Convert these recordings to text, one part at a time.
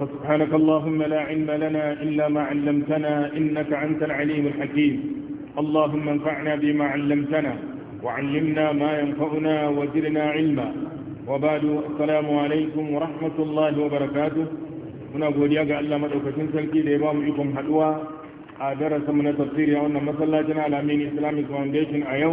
فسبحانك اللهم لا علم لنا إلا ما علمتنا إنك أنت العليم الحكيم اللهم انفعنا بما علمتنا وعلمنا ما ينفعنا وزرنا علما وبعد السلام عليكم ورحمة الله وبركاته muna godiya ga Allah madaukakin sarki da ya ba mu ikon haduwa a darasin na tafsiri a wannan masallacin Alamin Islamic Foundation a yau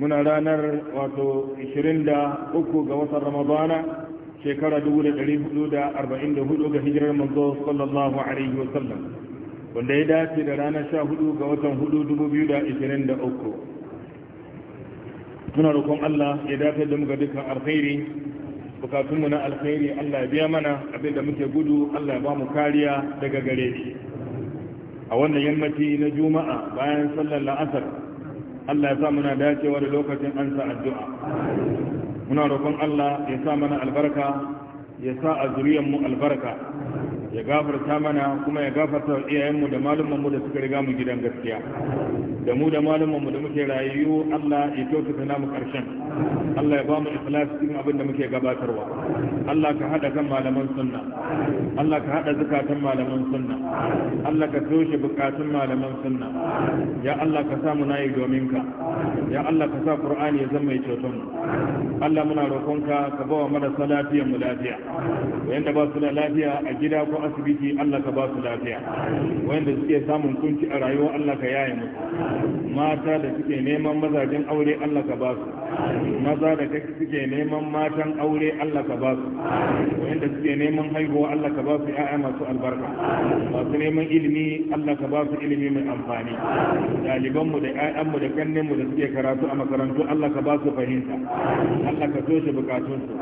muna ranar wato 23 ga watan Ramadana shekara 1444 ga hijirar manzo sallallahu alaihi wa sallam wanda ya dace da ranar sha hudu ga watan hudu dubu biyu da da uku? muna roƙon Allah ya dace da muka dukkan alkhairi bukatunmu na alkhairi Allah ya biya mana abinda muke gudu Allah ya ba mu kariya daga gare shi a wannan yammaci na juma'a bayan sallar la'asar Allah ya sa muna dacewa da lokacin ansa addu'a muna roƙon Allah ya sa mana albarka ya sa a zuriyar mu albarka ya gafarta mana kuma ya gafarta wa iyayenmu da malumanmu da suka riga mu gidan gaskiya da mu da malumanmu da muke rayu Allah ya kyautata namu karshen Allah ya ba mu ikhlas cikin abin da muke gabatarwa Allah ka hada kan malaman sunna Allah ka hada zakatan malaman sunna Allah ka toshe bukatun malaman sunna ya Allah ka sa mu nayi domin ka ya Allah ka sa Qur'ani ya zama mai ceton mu Allah muna roƙonka ka ba wa marasa lafiyar mu lafiya wanda ba su da lafiya a gida ko asibiti Allah ka ba su lafiya wanda suke samun kunci a rayuwa Allah ka yaye musu mata da suke neman mazajen aure Allah ka ba su maza da suke neman matan aure Allah ka ba su wanda suke neman haihuwa Allah ka ba su ƴaƴa masu albarka masu neman ilimi Allah ka ba su ilimi mai amfani mu da ƴaƴan mu da mu da suke karatu a makarantu Allah ka ba su fahimta Allah ka toshe bukatunsu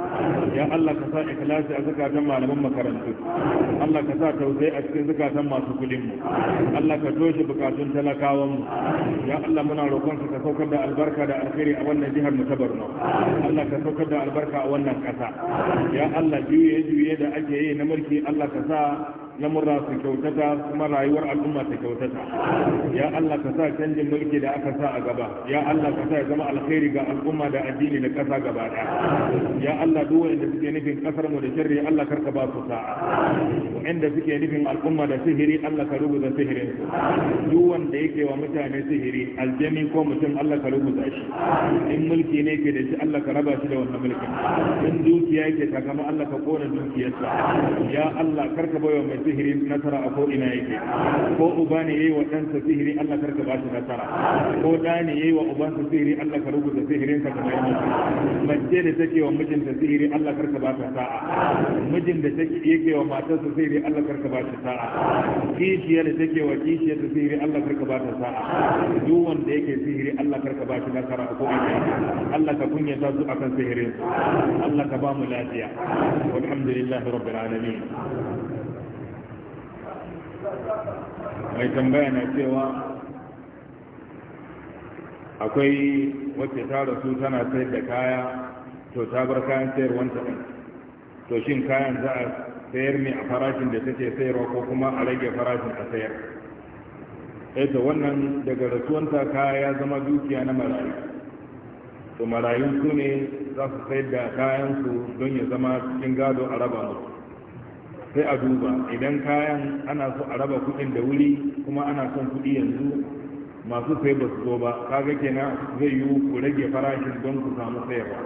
ya Allah ka sa ikhlasi a zakatan malaman makarantu Allah ka sa tausayi a cikin zukatan masu kudin mu Allah ka toshe bukatun talakawan mu ya Allah muna roƙon ka saukar da albarka da alkhairi a wannan jihar mu ta Borno Allah ka saukar da albarka a wannan ƙasa ya Allah juye juye da ake yi na mulki Allah ka sa lamurra su kyautata kuma rayuwar al'umma ta kyautata ya Allah ka sa canjin mulki da aka sa a gaba ya Allah ka sa ya zama alkhairi ga al'umma da addini da ƙasa gaba ɗaya ya Allah duk wanda suke nufin ƙasar mu da sharri Allah kar ka ba su sa'a wanda suke nufin al'umma da sihiri Allah ka rubuta sihirin su duk wanda yake wa mutane sihiri aljami ko mutum Allah ka rubuta shi in mulki ne ke da shi Allah ka raba shi da wannan mulkin in dukiya yake takama Allah ka kona dukiyarsa ya Allah karka bayo mai sihiri nasara a ko'ina yake ko uba ne yayi wa ɗansa sihiri Allah karka ba shi nasara ko ɗa ne yayi wa ubansa sihiri Allah ka rubuta sihirin ka kamar mutum mace da take wa mijinta sihiri Allah karka ba ta sa'a mijin da take yake wa matarsa sihiri Allah karka ba shi sa'a kishiya da take wa kishiyar ta sihiri Allah karka ba ta sa'a duk wanda yake sihiri Allah karka ba shi nasara a ko'ina Allah ka kunyata su akan sihirin Allah ka ba mu lafiya والحمد لله رب العالمين mai tambaya na cewa akwai wacce ta rasu tana sayar da kaya to ta bar kayan sayarwanta ɗin to shin kayan za a sayar ne a farashin da take sayarwa ko kuma a rage farashin a sayar ita eh wannan daga rasuwanta kaya ya zama dukiya na marayu to marayun su ne za su sayar da kayansu don ya zama cikin gado a raba musu sai a duba idan kayan ana so a raba kuɗin da wuri kuma ana son kuɗi yanzu masu sai ba su zo ba kaga kenan zai yi ku rage farashin don ku samu sayarwa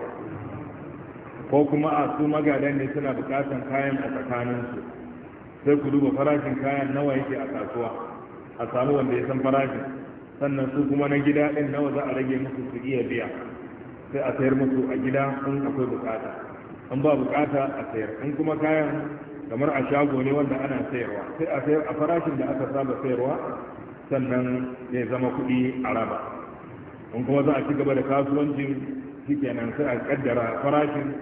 ko kuma a su magadan ne suna bukatan kayan a tsakaninsu sai ku duba farashin kayan nawa yake a kasuwa a samu wanda ya san farashin sannan su kuma na gida ɗin nawa za a rage musu su iya biya sai a sayar musu a gida in akwai bukata in ba bukata a sayar in kuma kayan kamar a shago ne wanda ana sayarwa sai a sayar a farashin da aka saba sayarwa sannan ya zama kuɗi a raba in kuma za a ci gaba da kasuwancin shikenan sai a kaddara farashin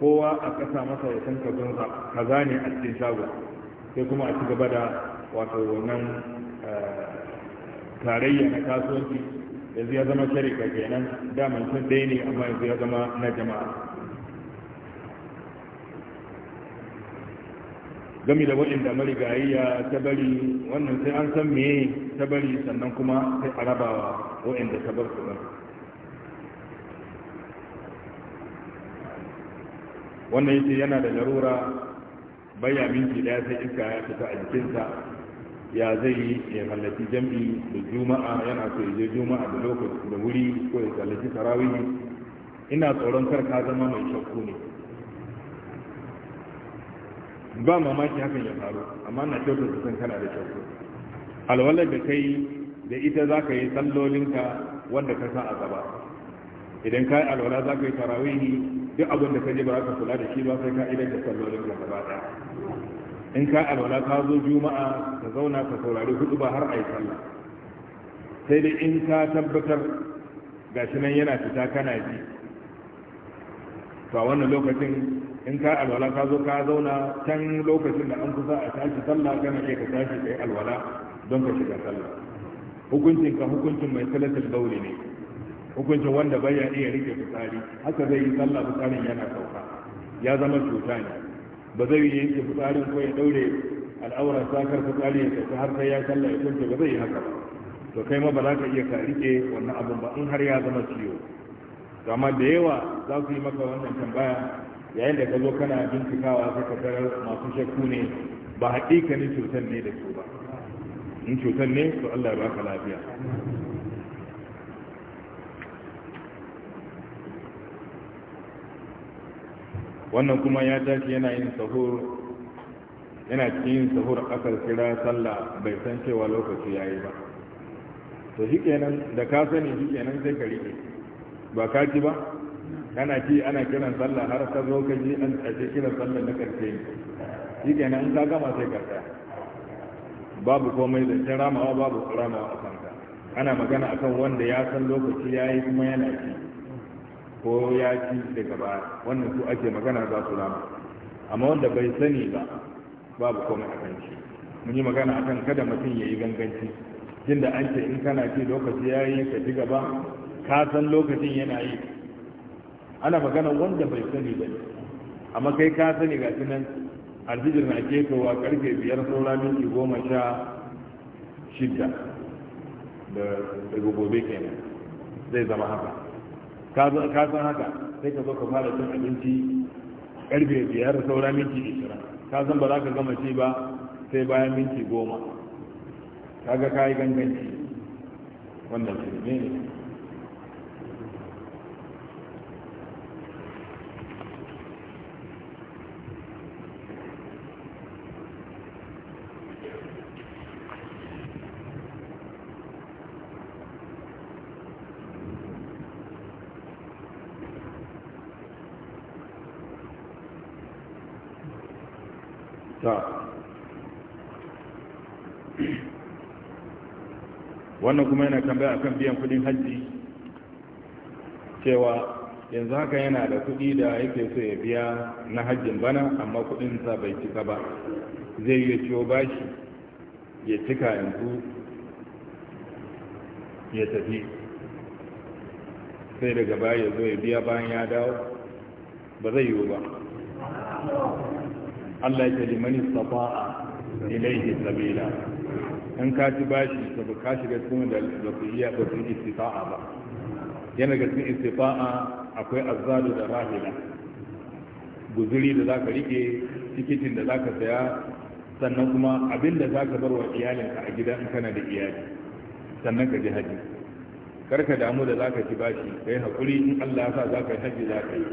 kowa a ƙasa masa ya san sa kaza ne a cikin shago sai kuma a ci gaba da wato wannan eh, tarayya na kasuwanci yanzu ya zama sharika kenan daman sun ɗaya ne amma yanzu ya zama na jama'a gami da waɗanda marigayya ta bari wannan sai an san meye ta bari sannan kuma sai a rabawa waɗanda ta bar su ɗan wannan yake yana da larura baya minti daya sai iska ya fita a jikinsa ya zai yi ya mallaki jam'i da juma'a yana so ya je juma'a da lokaci da wuri ko ya tsallaki tarawih ina tsoron kar ka zama mai shakku ne ba mamaki hakan ya faru amma na kyautar da kana da kyautar alwalar da kai da ita za ka yi sallolinka wanda ka sa a gaba idan ka yi alwala za ka yi tarawihi duk abin da ka je ba za ka kula da shi ba sai ka idan da sallolinka gaba ɗaya in ka yi alwala ka zo juma'a ka zauna ka saurari hudu ba har a yi sallah sai dai in ka tabbatar gashi nan yana fita kana ji to a wannan lokacin in ka alwala ka zo ka zauna can lokacin da an kusa a tashi sallah kana iya ka tashi kai alwala don ka shiga sallah hukuncin ka hukuncin mai salatul bauli ne hukuncin wanda baya iya rike fitsari haka zai yi sallah fitsarin yana sauka ya zama cuta ne ba zai yi yanke fitsarin ko ya daure al'aura sakar fitsari ya sauka har sai ya sallah ya kunce ba zai yi haka ba to kai ma ba za ka iya ka rike wannan abun ba in har ya zama ciwo amma da yawa za su yi maka wannan tambaya yayin da ka zo kana bincikawa sai ka masu shakku ne ba haƙiƙanin cutar ne da su ba in cutar ne to Allah ya baka lafiya wannan kuma ya tashi yana yin sahur yana cikin yin sahur aka kira sallah bai san cewa lokaci ya yi ba to shi kenan da ka sani shi kenan sai ka rike ba ka ci ba kana ji ana kiran sallah har ka zo ka ji an tsaye kiran sallah na karshe shi kenan in ka gama sai karka babu komai da ta ramawa babu ramawa a kanka ana magana akan wanda ya san lokaci ya yi kuma yana ci ko ya ci daga baya wannan su ake magana za su rama amma wanda bai sani ba babu komai a kan shi mun yi magana akan kada mutum ya yi ganganci tunda an ce in kana ci lokaci ya yi ka ci gaba ka san lokacin yana yi ana magana wanda bai sani ba amma kai ka sani ga nan alfijir na ketowa karfe biyar saura minti goma sha shidda da daga gobe kenan zai zama haka ka san haka sai ka zo ka fara cin abinci karfe biyar saura minti ishirin ka san ba za ka gama ci ba sai bayan minti goma kaga ka yi ganganci wannan shirme ne wannan kuma yana tambaya akan biyan kudin hajji cewa yanzu haka yana da kudi da yake so ya biya na hajjin bana amma sa bai cika ba zai yi ciwo bashi ya cika yanzu ya tafi sai daga baya ya zo ya biya bayan ya dawo ba zai yiwu ba Allah ya liman safa'a ilayhi sabila in ka ci bashi to ba ka shiga cikin da ba su iya ba su istifa'a ba yana ga cikin istifa'a akwai azzadu da rahila guzuri da zaka rike tikitin da zaka saya sannan kuma abin da zaka bar wa iyalinka a gida in kana da iyali sannan ka ji haji karka damu da zaka ci bashi kai hakuri in Allah ya sa zaka yi haji zaka yi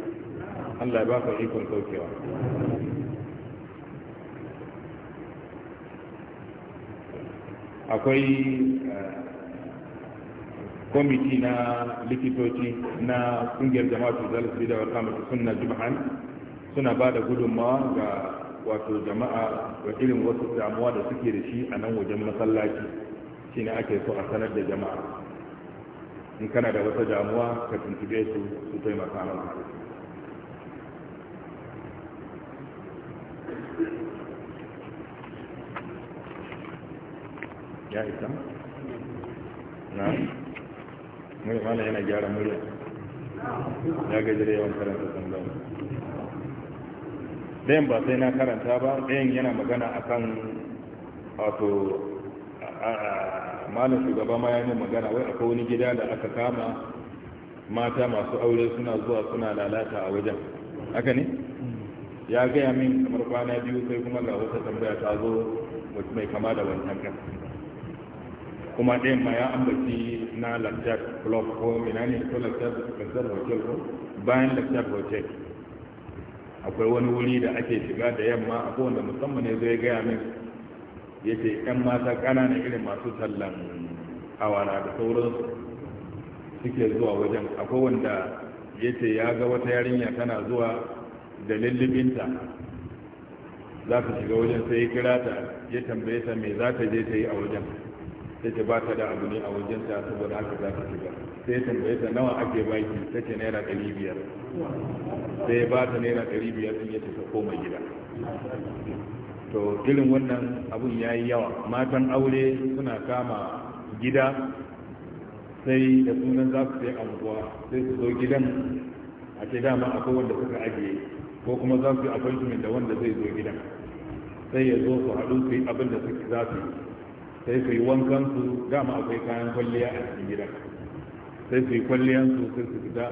Allah ya baka ikon saukewa akwai eh, kwamiti na likitoci na kungiyar jama'atu zalis bida wa kamata suna jibhan suna ba da gudunmawa ga wato jama'a ga irin wasu damuwa da suke da shi a nan wajen masallaci shi ne ake so a sanar da jama'a in kana da wata damuwa ka tuntube su su taimaka maka ya isa na mai mana yana gyara murya ya gajere yawan karanta tambayar ɗayan ba sai na karanta ba ɗayan yana magana akan wato malam shugaba ma ya yi magana wai akwai wani gida da aka kama mata masu aure suna zuwa suna lalata a wajen haka ne ya gaya min kamar kwana biyu sai kuma ga wata tambaya ta zo mai kama da wancan kan kuma ɗayan ma ya ambaci na lantar blog ko ina ne ko lafiyar hotel ko bayan lantar hotel akwai wani wuri da ake shiga da yamma a kowanne musamman ne zai gaya min ya ce ‘yan mata ƙananan irin masu tallan awara da sauransu suke zuwa wajen akwai wanda ya ce ya ga wata yarinya tana zuwa da lullubinta za ta shiga wajen sai ya kira ta ya tambaye ta me za ta je ta yi a wajen sai ba ta da abu ne a wajenta saboda haka za ta shiga sai tambaye ta nawa ake baki ta ce naira ɗari biyar sai ya ba ta naira ɗari biyar sun yace ta koma gida to irin wannan abun ya yi yawa matan aure suna kama gida sai da sunan za su sai anguwa sai su zo gidan a ce dama akwai wanda suka ajiye ko kuma za su yi appointment da wanda zai zo gidan sai ya zo su haɗu su yi abin da za su yi sai su yi wankan su dama akwai kayan kwalliya a cikin gida sai su yi kwalliyan su sai su fita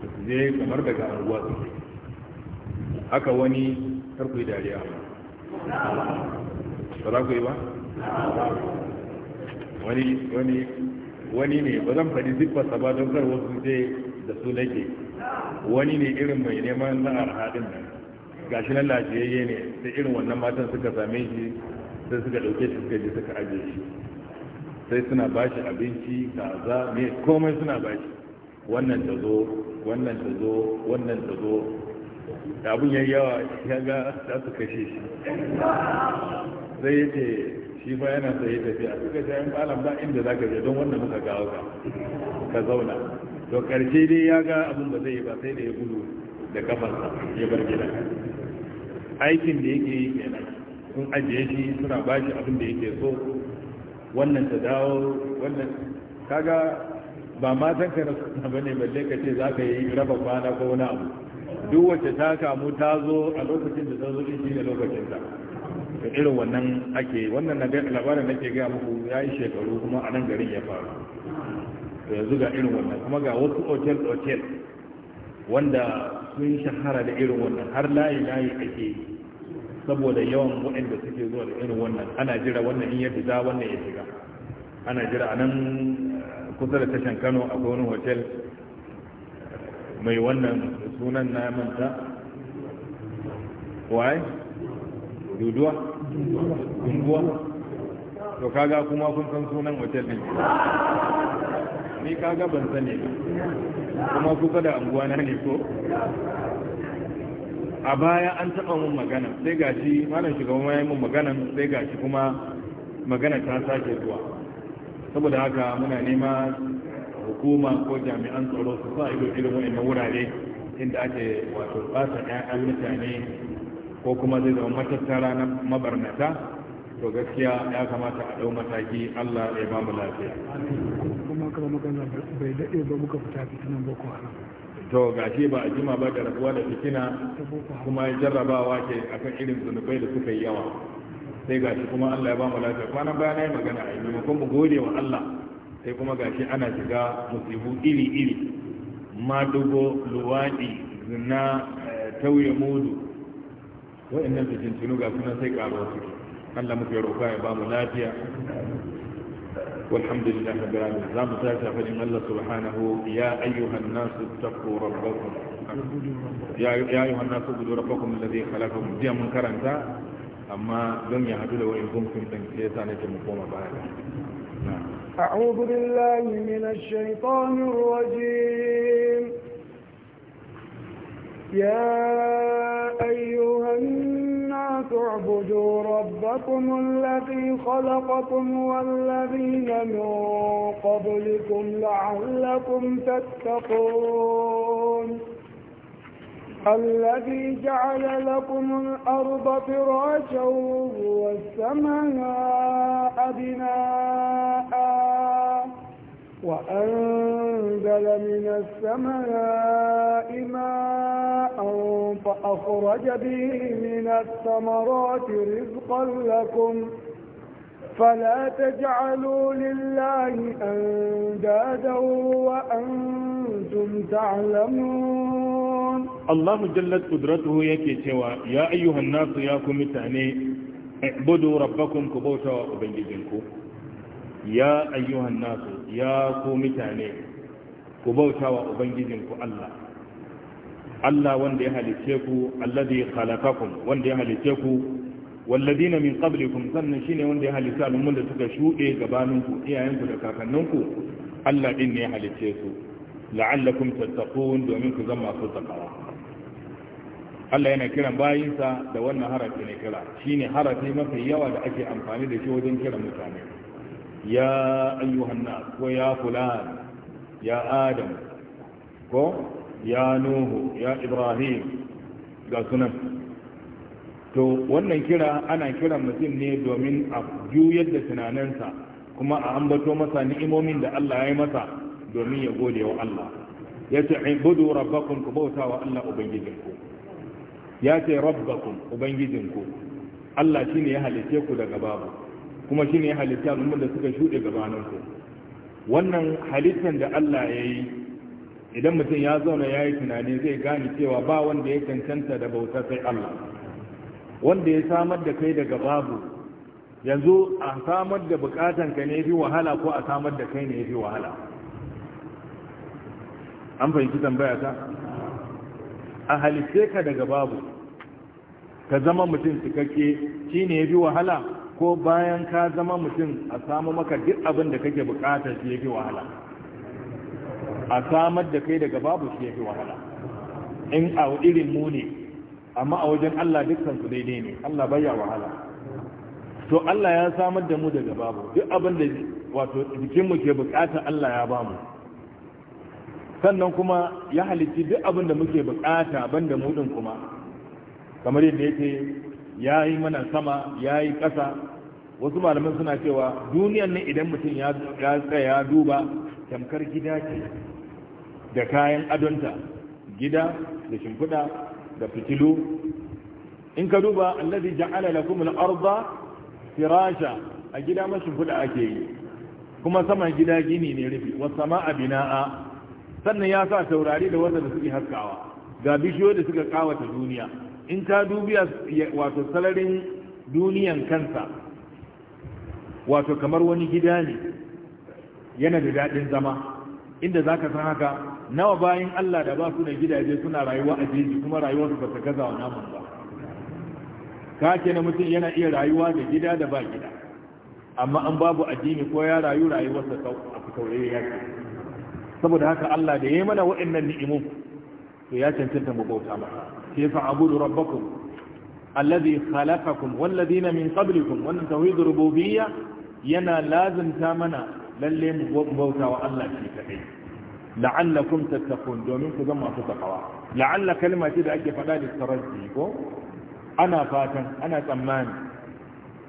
su je kamar daga anguwa su aka haka wani tarko yi dariya ba za ku yi ba wani wani wani ne ba zan faɗi siffarsa ba don kar wasu je da su nake wani ne irin mai neman na haɗin nan gashi nan lafiyayye ne sai irin wannan matan suka same shi sai suka ɗauke shi suka je suka ajiye shi sai suna bashi abinci kaza me komai suna bashi wannan ta zo wannan ta zo wannan ta zo da abin ya yawa ya ga za su kashe shi sai ya ce shi fa yana sai ya tafi a suka ce yan ba inda za ka je don wannan muka ga ka ka zauna to karshe dai ya ga abin ba zai yi ba sai da ya gudu da kafarsa ya bar gida aikin da yake yi kenan sun ajiye shi suna ba shi abin da yake so wannan ta dawo wannan kaga ba san ka na suna ba ne balle ka ce za ka yi raba kwana ko wani abu duk wacce ta kamu ta zo a lokacin da ta zo shi ne lokacin ta da irin wannan ake wannan na labarin nake gaya muku ya yi shekaru kuma a nan garin ya faru to yanzu ga irin wannan kuma ga wasu otel otel wanda sun shahara da irin wannan har layi layi ake yi saboda yawan waɗanda suke zuwa da irin wannan ana jira wannan in ya fita wannan ya shiga ana jira a nan eh, kusa da tashan kano a wani hotel mai wannan sunan na manta waye duduwa dunguwa to kaga kuma kun san sunan hotel din ni kaga ban sani kuma kusa da anguwa na ne ko a baya an taɓa mun magana sai ga shi malam shugaban ya yi mun magana sai ga shi kuma magana ta sake zuwa saboda haka muna nema hukuma ko jami'an tsaro su sa ido irin wani wurare inda ake wato basa ɗaya mutane ko kuma zai zama matattara na mabarnata to gaskiya ya kamata a ɗau mataki Allah ya ba mu lafiya kuma kuma magana bai daɗe ba muka fita fitinan boko haram to ga shi ba a jima ba da rabuwa da fitina kuma jarrabawa ke akan irin zunubai da suka yi yawa sai ga shi kuma Allah ya ba mu lafiya kwanan bayan ya magana a yi maimakon mu gode wa Allah sai kuma ga shi ana shiga musibu iri iri madugo Luwadi, zina eh, tauye mudu wa'annan fitintunu ga sunan sai ƙaruwa su Allah muke roƙa ya ba mu lafiya والحمد لله رب العالمين لا مساعدة فلم الله سبحانه يا أيها الناس اتقوا ربكم يا أيها الناس اتقوا ربكم الذي خلقكم دي من كرنتا أما لم يهدوا لو إن كنتم تنكيسا نتمقوم بها نعم. أعوذ بالله من الشيطان الرجيم يا أيها الناس تعبدوا ربكم الذي خلقكم والذين من قبلكم لعلكم تتقون الذي جعل لكم الأرض فراشا والسماء بناءً وأنزل من السماء ماء فأخرج به من الثمرات رزقا لكم فلا تجعلوا لله أندادا وأنتم تعلمون الله جلت قدرته يكي سوا يا أيها الناس يا كمتاني اعبدوا ربكم كبوتا وبنجزنكم ya ayyuhan nasu ya ku mutane ku bautawa ubangijinku Allah Allah wanda ya halice ku alladhi khalaqakum wanda ya halice ku walladina min qablikum sannan shine wanda ya halice al'umman da suka shuɗe gabaninku iyayenku da kakanninku Allah din ne ya halice su la'allakum tattaqun domin ku zama su takawa Allah yana kiran bayinsa da wannan harafi ne kira shine harafi mafi yawa da ake amfani da shi wajen kiran mutane ya ayyuhan nas ko ya fulan ya adam ko ya nuhu ya ibrahim ga sunan to wannan kira ana kiran mutum ne domin a juyar da tunaninsa kuma a ambato masa ni'imomin da Allah ya yi masa domin ya gode wa Allah ya ce ibudu rabbakum ku bauta wa Allah ubangijinku ya ce rabbakum ubangijinku Allah shi ne ya halice ku daga babu kuma shine ya halitta al'ummar da suka shuɗe gabanin ku wannan halittar da Allah ya yi idan mutum ya zauna ya yi tunani zai gane cewa ba wanda ya cancanta da bauta sai Allah wanda ya samar da kai daga babu yanzu a samar da bukatan ka ne fi wahala ko a samar da kai ne fi wahala an fahimci tambaya ta a halitta ka daga babu ka zama mutum cikakke shine ya fi wahala ko bayan ka zama mutum a samu maka duk abin da kake bukatar shi yake wahala a samar da kai daga babu shi yake wahala in a irin mu ne amma a wajen Allah dukkan su daidai ne Allah baya wahala to Allah ya samar da mu daga babu duk abin da wato jikin mu ke bukata Allah ya ba mu sannan kuma ya halitti duk abin da muke bukata banda mu din kuma kamar yadda yake ya yi mana sama ya yi ƙasa wasu malaman suna cewa duniyan nan idan mutum ya tsaya ya duba tamkar gida ce da kayan adonta gida da shimfiɗa da fitilu in ka duba allazi ja'ala lakum al-ardha firasha a gida ma shimfiɗa ake yi kuma saman gida gini ne rufi was sama'a bina'a sannan ya sa taurari da wanda suke haskawa ga bishiyo da suka kawata duniya in ta dubi wato salarin duniyan kansa wato kamar wani gida ne yana da daɗin zama inda za ka san haka nawa bayan Allah da ba su ne gidaje suna rayuwa a jeji kuma rayuwarsu ba ta gaza wa namun ba ka ke na mutum yana iya rayuwa da gida da ba gida amma an babu addini ko ya rayu rayuwarsa a kauraye ya ce saboda haka Allah da ya yi mana waɗannan ni'imu to ya cancanta mu bauta masa sai fa'budu rabbakum alladhi khalaqakum walladhina min qablikum wannan tauhid rububiyya yana lazimta mana lalle mu bauta wa Allah shi kadai la'allakum tattaqun domin ku zama su takawa la'alla kalma ce da ake faɗa da sarrafi ko ana fatan ana tsammani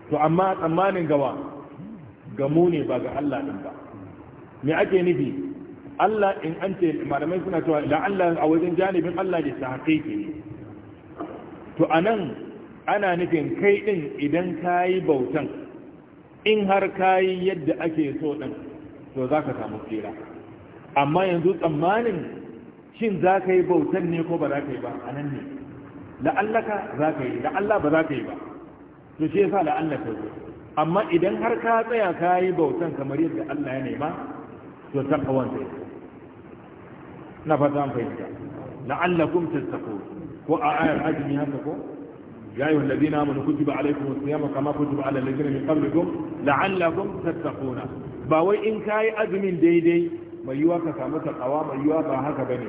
to amma tsammanin gawa ga ne ba ga Allah din ba me ake nufi Allah in an ce malamai suna a wajen janibin Allah da ta ne to anan ana nufin kai din idan ka yi bautan in har ka yi yadda ake so din to za ka samu tsira amma yanzu tsammanin shin za ka yi bautan ne ko ba za ka yi ba a nan ne la'allaka za ka yi la'alla ba za ka yi ba to shi yasa la'allaka zo amma idan har ka tsaya ka yi bautan kamar yadda Allah ya nema to tabbawan zai na fata an fahimta la'allakum tattaqun ko a ayar azumi haka ko ya yi wallazi na amanu kutuba alaikum yamma kama kutiba ala allazina min qablikum la'allakum tattakuna ba wai in ka yi azumin daidai mai yiwa ka samu takawa mai yiwa ba haka bane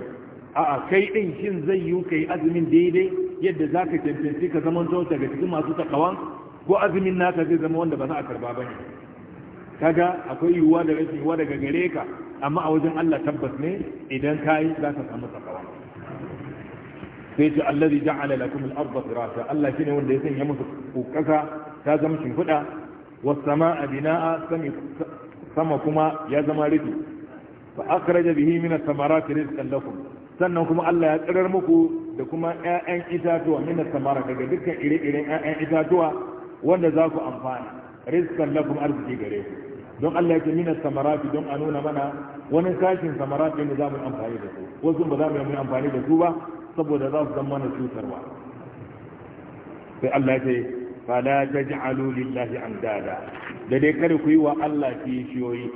a'a kai din shin zai yi yi azumin daidai yadda za ka tantance ka zaman to daga cikin masu takawan ko azumin naka zai zama wanda ba za a karba ne kaga akwai yiwuwa da rashin yiwuwa daga gare ka amma a wajen Allah tabbas ne idan ka yi za ka samu takawa sai ce allazi ja'ala lakum al-ardha firasha Allah shine wanda ya sanya musu kasa ta zama shimfiɗa was samaa binaa sama kuma ya zama rufi fa akhraja bihi min ath-thamarati rizqan lakum sannan kuma Allah ya tsirar muku da kuma ƴaƴan itatuwa min ath-thamara daga dukkan ire-iren ƴaƴan itatuwa wanda za ku amfana rizqan lakum arziki gare ku don Allah yake min ath-thamarati don a nuna mana wani sashin samarati ne za mu amfani da su wasu ba za mu yi amfani da su ba saboda za su zan mana cutarwa sai Allah ce fala taj'alu an dada. da dai kare ku yi wa Allah kishiyoyi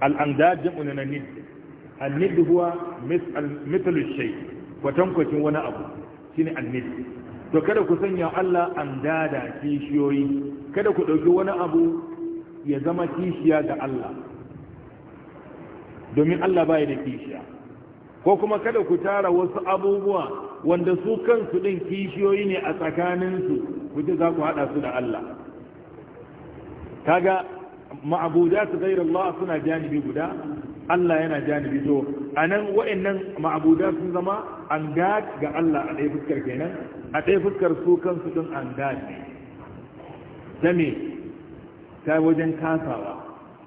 al andad jam'u na nid an nid huwa mithlu shay kwatankwacin wani abu shine al nid to kada ku sanya Allah an dada kishiyoyi kada ku ɗauki wani abu ya zama kishiya ga Allah domin Allah baya da kishiya ko kuma kada ku tara wasu abubuwa wanda su kansu ɗin kishiyoyi ne a tsakaninsu ku ce za ku haɗa su da Allah kaga ma'abuda su gairar Allah suna janibi guda Allah yana janibi to a nan wa'annan ma'abuda sun zama an ga Allah a ɗaya fuskar kenan a ɗaya fuskar su kansu din an gad ta wajen kasawa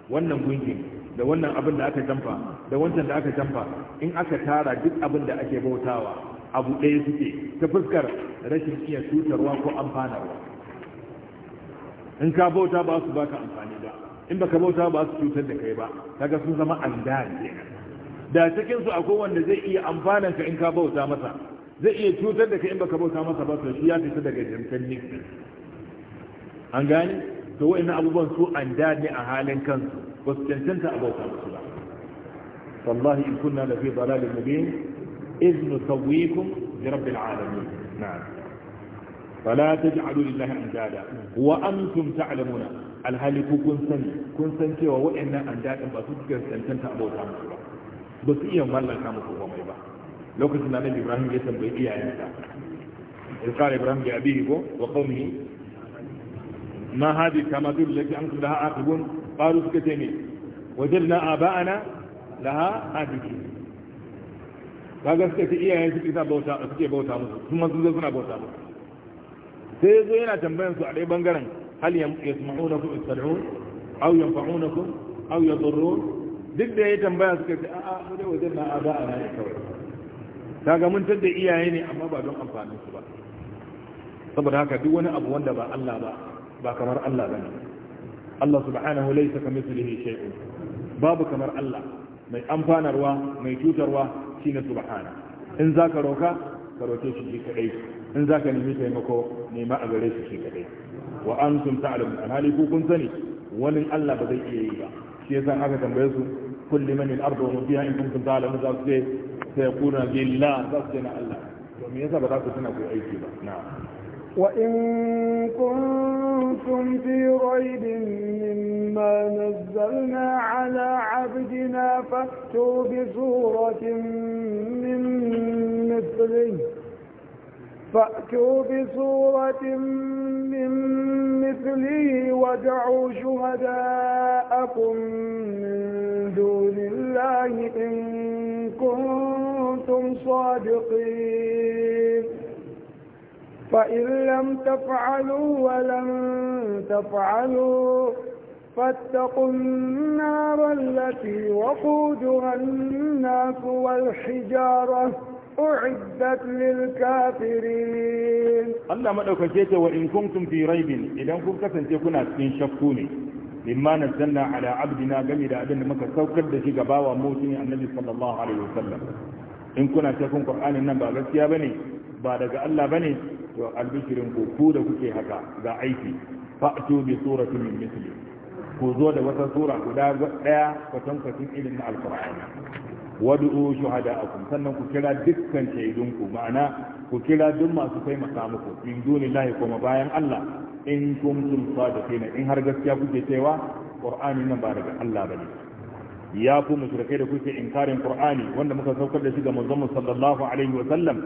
wannan gungin. da wannan abin da aka jamfa da wancan da aka jamfa in aka tara duk abin da ake bautawa abu ɗaya suke ta fuskar rashin iya cutarwa ko amfanarwa in ka bauta ba su baka amfani ba in baka bauta ba su cutar da kai ba kaga sun zama andan kenan da cikin su akwai wanda zai iya amfanan ka in ka bauta masa zai iya cutar da kai in baka bauta masa ba to shi ya fita daga jantanni an gane to wa'annan abubuwan su anda ne a halin kansu ba cancanta a bauta musu ba wallahi in kunna lafi dalalin mubin iznu sawwikum bi rabbil alamin na'am cewa andadan ba su cikin tantanta abota musu ba ba su iya mallaka musu komai ba lokacin da Annabi Ibrahim ya tambayi iyayensa qala Ibrahim ya abihi ko wa qawmihi ma hadi kama dul qalu suka ce me wajadna aba'ana laha abiki kaga suka ce iyayen su isa bauta suke bauta musu kuma sun zo suna bauta musu sai zo yana tambayan su a dai bangaren hal yasma'unakum yastad'un aw yanfa'unakum aw yadurrun duk da ya yi tambaya suka ce a'a mu dai wajadna aba'ana ne kawai ga mun tadda iyaye ne amma ba don amfanin su ba saboda haka duk wani abu wanda ba Allah ba ba kamar Allah ba ne. Allah subhanahu laysa kamithlihi shay'un babu kamar Allah mai amfanarwa mai cutarwa shine subhana in zaka roka ka roke shi shi kadai in zaka nemi taimako nema a gare shi shi kadai wa antum ta'lamun alhali ku kun sani wani Allah ba zai iya yi ba shi yasa aka tambaye su kulli man al-ardu wa fiha in kuntum ta'lamun za su ce sai kuna lillah za su ce na Allah to me yasa ba za ku tuna ku aiki ba na'am وإن كنتم في ريب مما نزلنا على عبدنا فاتوا بسورة من مثله فأتوا بصورة من مثله وادعوا شهداءكم من دون الله إن كنتم صادقين فإن لم تفعلوا ولن تفعلوا فاتقوا النار التي وقودها الناس والحجارة أعدت للكافرين الله مدعوك جيت وإن كنتم في ريب إذا كنت تكون أسكين شكوني مما نزلنا على عبدنا جميل أبن مكة سوكر دشي قباوة موتني النبي صلى الله عليه وسلم إن كنا تكون قرآن النبى غسيا بني بعد الله بني to albishirin ku ku da kuke haka ga aiki fa'tu bi suratin min mithli ku zo da wata sura guda daya kwatan kwatin irin na alqur'ani wad'u shuhada'akum sannan ku kira dukkan shaidunku ma'ana ku kira duk masu taimaka muku min dunillahi kuma bayan Allah in kuntum sadiqina in har gaskiya kuke cewa qur'ani nan ba daga Allah bane ya ku mushrikai da kuke inkarin qur'ani wanda muka saukar da shi ga manzon sallallahu alaihi wa sallam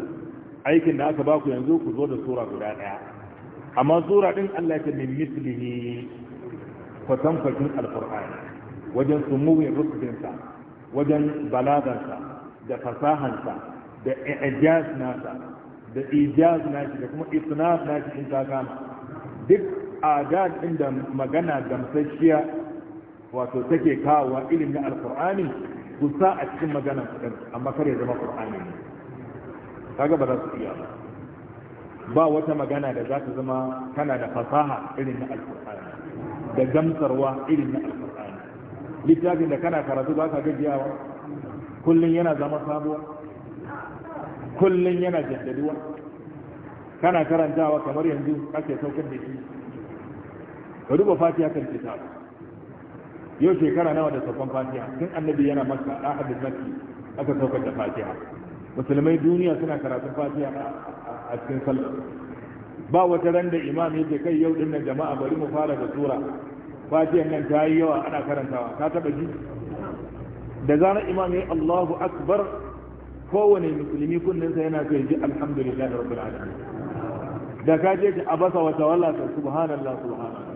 aikin da aka baku yanzu ku zo da sura guda daya amma sura din Allah ta min mislihi kwatankwacin alkur'ani wajen sumuwin rukudinsa wajen balagarsa da fasahansa da ijaz nasa da ijaz da kuma isnaf nashi in ta kama duk adad din da magana gamsasshiya wato take kawo ilimin alkur'ani kusa a cikin magana amma ya zama qur'ani ne kaga ba za su iya ba wata magana da za ta zama tana da fasaha irin na alkur'ani da gamsarwa irin na alkur'ani littafin da kana karatu ba ka gajiyawa kullum yana zama sabuwa kullum yana jaddaduwa kana karantawa kamar yanzu ake saukar da shi ka duba fatiha kan kitab yau shekara nawa da saukon fatiha tun annabi yana maka ahadin makki aka saukar da fatiha musulmai duniya suna karatun fatiha a cikin sallah ba wata ran da imam yake kai yau din jama'a bari mu fara da sura fatihan nan ta yi yawa ana karantawa ka taba ji da zarar imam ya Allahu akbar kowane musulmi kunnin sa yana kai ji alhamdulillah rabbil alamin da ka je ki abasa wa tawalla subhanallah subhanallah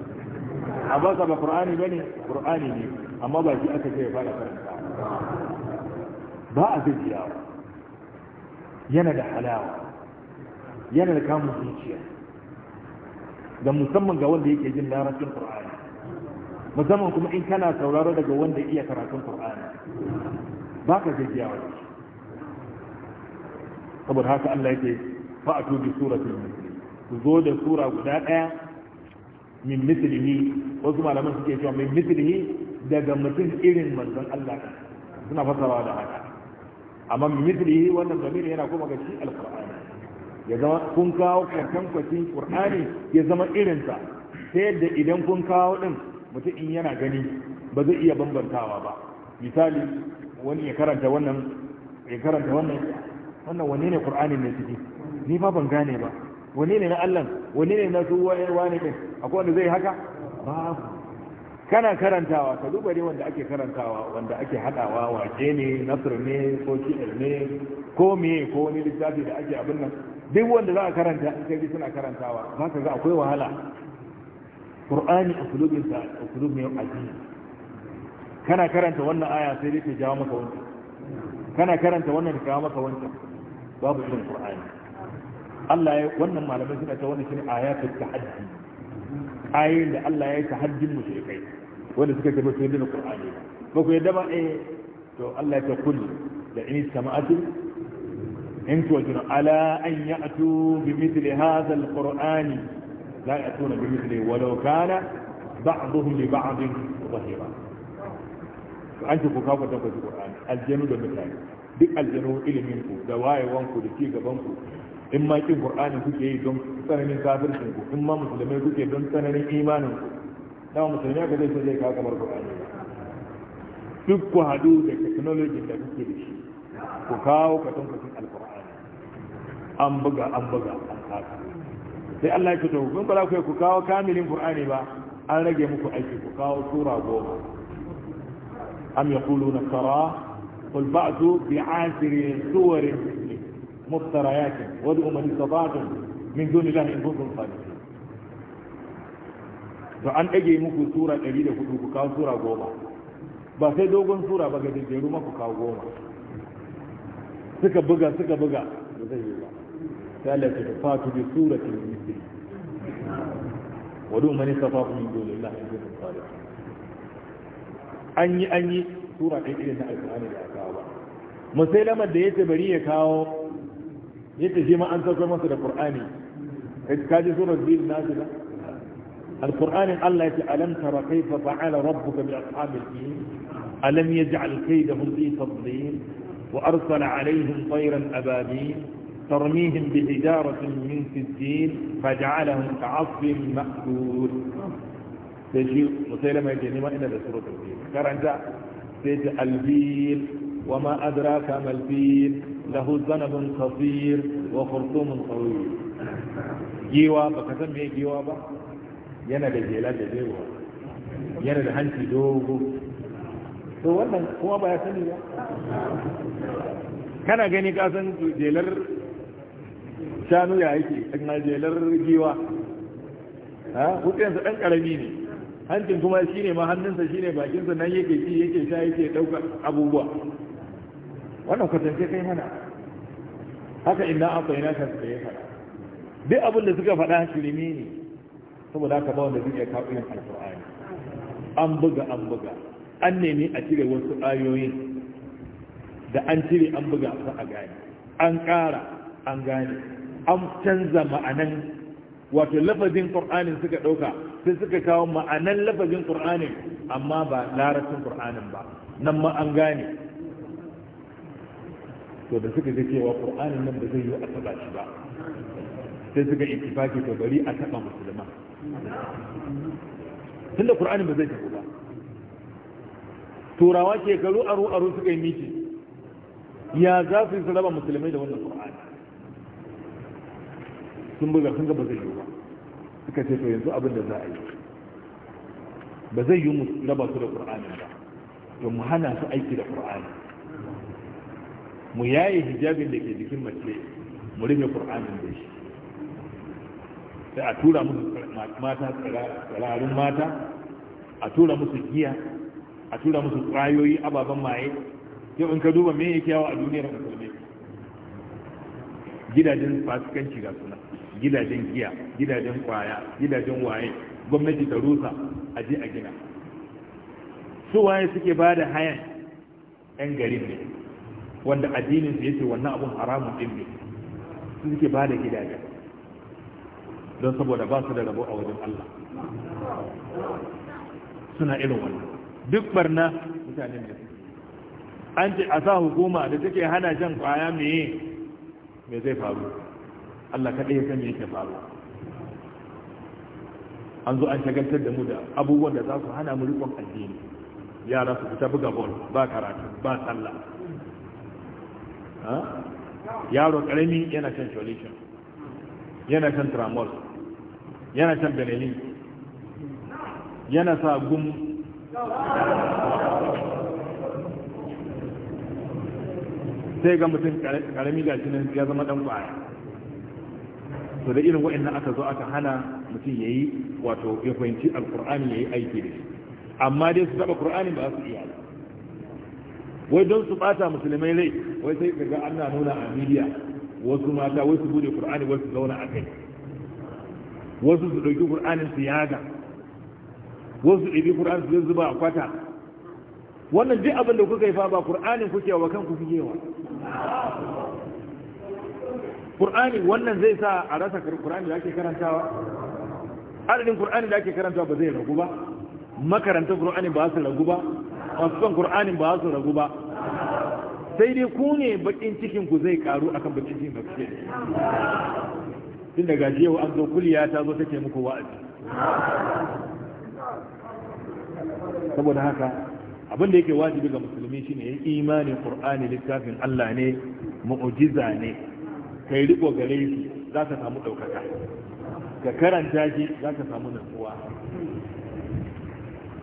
abasa ba qur'ani bane qur'ani ne amma ba shi aka ce ya fara karanta ba a gajiyawa yana da halawa yana da kamun zuciya ga musamman ga wanda yake jin larabcin qur'ani musamman kuma in kana sauraro daga wanda iya karatun kur'ani ba ka gajiyawa da shi saboda haka Allah yake fa'atu bi suratul muslim ku zo da sura guda daya min mislihi wasu malaman suke cewa min mislihi daga mutum irin manzon Allah suna fassarawa da haka amma mithlihi wannan zamiri yana kuma ga shi alqur'ani ya zama kun kawo kwatankwacin qur'ani ya zama irinsa ta yadda idan kun kawo din mutum in yana gani ba zai iya bambantawa ba misali wani ya karanta wannan ya karanta wannan wannan wanne ne qur'ani ne ciki ni ba ban gane ba wanne ne na Allah wanne ne na su wani ne akwai wanda zai haka babu kana karantawa ka duba ne wanda ake karantawa wanda ake haɗawa, wake ne nasir ne ko shi'ar ne ko me ko wani littafi da ake abin nan duk wanda za a karanta in kai suna karantawa za ka ga akwai wahala qur'ani usulubin sa usulub ne a addini kana karanta wannan aya sai dai ta jawo maka wancan kana karanta wannan ta jawo maka wancan babu irin ƙur'ani. Allah ya wannan malamai suna ta wannan shine ayatul tahaddi ayoyin da Allah ya yi tahaddi mushrikai wanda suka ce ba su yadda da qur'ani ba ku yadda ba eh to Allah ya ce kul da in sama sama'atu in tuwajun ala an yi ya'tu bi mithli hadha al-qur'ani a ya'tuna bi mithli walau kana ba'dhum li ba'd zahira an ce ku kafa tabbata qur'ani aljanu da mutane duk aljanu ilimin ku da wayewan ku da ci gaban ku in ma kin qur'ani kuke yi don tsananin kafircin ku in ma musulmai kuke don tsananin imanin ku dawa musulmi aka zai so zai kawo kamar ƙur'ani duk ku haɗu da technology da kuke da shi ku kawo katon katon alƙur'ani an buga an buga an haka sai Allah ya ce to kun ba za ku ku kawo kamilin ƙur'ani ba an rage muku aiki ku kawo sura goma am yaquluna tara قل بعثوا بعاشر صور مفتريات وادعوا من استطعتم من دون الله ان كنتم صادقين to an ɗage muku sura ɗari da hudu ku kawo sura goma ba sai dogon sura ba ga jajjeru maku kawo goma suka buga suka buga da zai yi ba sai Allah da fatu bi suratin misli wadu mani ku min na in da tsari an yi an yi sura ɗaya irin na alfahari da aka kawo ba musailama da ce bari ya kawo ce shi ma an saukar masa da qur'ani kaji surar su nasila القرآن قال يتي ألم ترى كيف فعل ربك بأصحاب الفيل ألم يجعل كيدهم في تضليل وأرسل عليهم طيرا أبابيل ترميهم بحجارة من سجين فجعلهم كعصف مأكول وسيلم مسيلمة ما إلا سورة الفيل كرنجا تجي الفيل وما أدراك ما الفيل له ذنب قصير وخرطوم طويل جيوابا بكتم هي yana da jela da jewa yana da hanci dogo to wannan kuma ba ya sani ba kana gani kasan jelar shanu ya yake na jelar giwa ha hutsensa dan karami ne hancin kuma shi ne ma hannunsa shi ne bakinsa nan yake ci yake sha yake dauka abubuwa wannan kwatance kai mana haka ina akwai na da tsaye faɗa duk abin da suka faɗa shirme ne saboda haka ba wanda zai iya kawo irin alkur'ani an buga an buga an nemi a cire wasu ayoyin da an cire an buga su a gane an ƙara an gane an canza ma'anan wato lafazin ƙur'anin suka ɗauka sai suka kawo ma'anan lafazin ƙur'anin amma ba larabcin ƙur'anin ba nan ma an gane to da suka ga cewa ƙur'anin nan ba zai yi a taɓa shi ba sai suka ittifaki to bari a taɓa musulman tun da ƙur'anin ba zai tafi ba turawa ke shekaru a ru'aru suka yi miki ya za su yi saraba musulmai da wannan ƙur'ani sun buga sun ga ba zai yi ba suka ce to yanzu abin da za a yi ba zai yi mu raba su da ƙur'ani ba to mu hana su aiki da ƙur'ani mu yaye hijabin da ke jikin mace mu rufe ƙur'anin da shi sai a tura musu mata tsirarun mata a tura musu giya a tura musu tsayoyi ababen maye yau in ka duba me yake yawa a duniyar musulmi gidajen fasikanci ga suna gidajen giya gidajen kwaya gidajen waye gwamnati ta rusa a je a gina su waye suke ba da hayan 'yan garin ne wanda addinin su yace wannan abun haramun din ne su suke ba da gidajen don saboda ba su da rabo a wajen Allah suna irin wannan duk barna mutane ne an ce a sa hukuma da take hana shan kwaya mai me zai faru Allah kaɗai ya sanya yake faru an zo an shagaltar da mu da abubuwan da za su hana mu rikon addini yara su fita buga bol ba karatu ba sallah yaro karami yana shan yana shan tramol yana can belelin yana sa gum sai ga mutum karami gashi nan ya zama dan kwaya to da irin wa'in aka zo aka hana mutum ya yi wato ya fahimci alkur'ani yi aiki da shi amma dai su taba kur'ani ba su iya wai don su bata musulmai rai wai sai kaga ana nuna a media wasu mata wai su bude kur'ani wai su zauna a kai wasu su ɗauki ƙur'anin su yaga wasu ɗauki ƙur'anin su zuba a kwata wannan duk abin da kuka yi fa ba ƙur'anin kuke wa kanku kuke wa ƙur'ani wannan zai sa a rasa ƙur'ani da ake karantawa adadin ƙur'ani da ake karantawa ba zai ragu ba makarantar ƙur'ani ba su ragu ba masu son ƙur'anin ba su ragu ba sai dai ku ne bakin cikin ku zai karu akan bakin cikin da kuke tun daga gaji yau an zo kuliya ta zo take muku wa'azi saboda haka abin da yake wajibi ga musulmi shine ya imanin qur'ani littafin Allah ne mu'jiza ne kai riko gare shi za ka samu ɗaukaka ka karanta shi za ka samu nutsuwa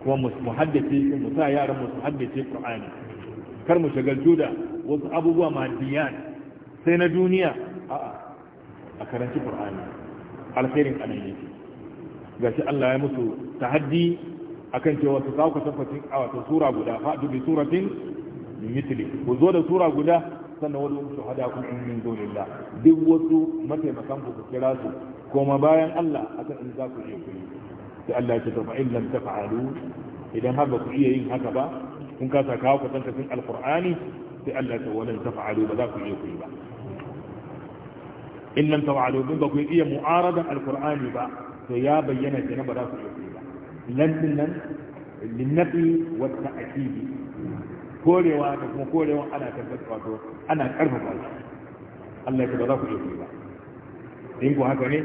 kuma mu haddace mu sa yaran mu haddace qur'ani kar mu shagaltu da wasu abubuwa madiyan sai na duniya a'a a karanci qur'ani alherin anan ga shi Allah ya musu a kan cewa su kawo tabbacin a wata sura guda fa bi suratin misli ku zo da sura guda sannan wani su kun ku min dunillah duk wasu mataimakan ku kira su koma bayan Allah a akan in za ku je ku yi sai Allah ya ce fa in lam taf'alu idan har ba ku iya yin haka ba kun kasa kawo kwatankacin alkur'ani sai Allah ya ce wa ta taf'alu ba za ku je ku yi ba in lam taf'alu in ba ku iya mu'aradan alqur'ani ba to ya bayyana kenan ba za ku iya ba lan din nan linnafi wa ta'kid korewa da kuma korewa ana tabbata wato ana karfafa shi Allah ya ba za ku iya ba in ku haka ne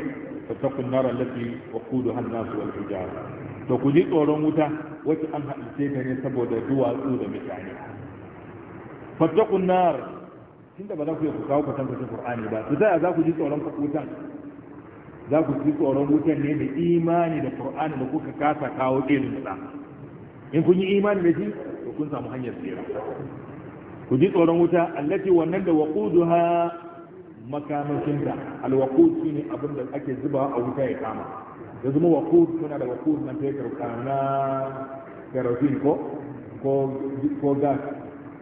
fatakun nar allati waquduha an-nas wal hijara to ku ji tsoron wuta wacce an halice ta ne saboda duwatsu da mutane fatakun nar tunda ba za ku yi ku kawo kwatankwacin qur'ani ba to za ku ji tsoron wutan za ku ji tsoron wutan ne da imani da qur'ani da kuka kasa kawo da in kun yi imani da shi to kun samu hanyar tsira ku ji tsoron wuta allati wannan da waquduha makamashinta alwaqud shine abin da ake zuba a wuta ya kama da zuma waqud kuna da waqud nan ta karkana kerosene ko ko ko gas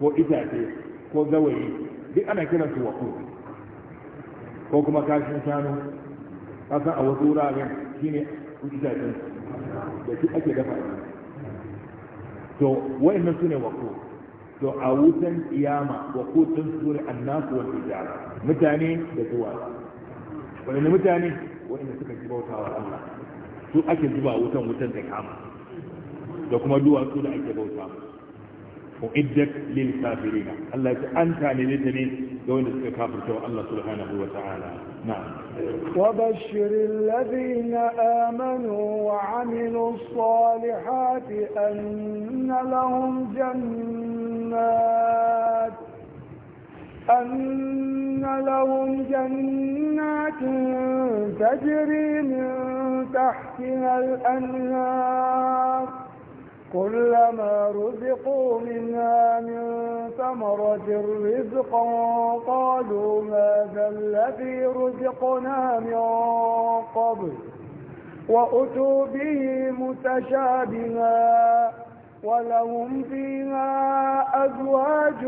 ko itace ko gawayi duk ana kiran su waƙo ko kuma kashin shanu kasan a wasu wuraren shine itacen da shi ake dafa abinci to wa'annan su ne waƙo to a wutan iyama waƙo din su ne annasu wani ijara mutane da zuwa wani mutane wa'anda suka ji bautawa Allah su ake zuba wutan wutan da kama da kuma duwatsu da ake bauta musu وعدك للكافرين الله أنت لذني دون الكافر سوى الله سبحانه وتعالى نعم وبشر الذين آمنوا وعملوا الصالحات أن لهم جنات أن لهم جنات تجري من تحتها الأنهار كلما رزقوا منها من ثمرة رزقا قالوا ماذا الذي رزقنا من قبل وأتوا به متشابها ولهم فيها أزواج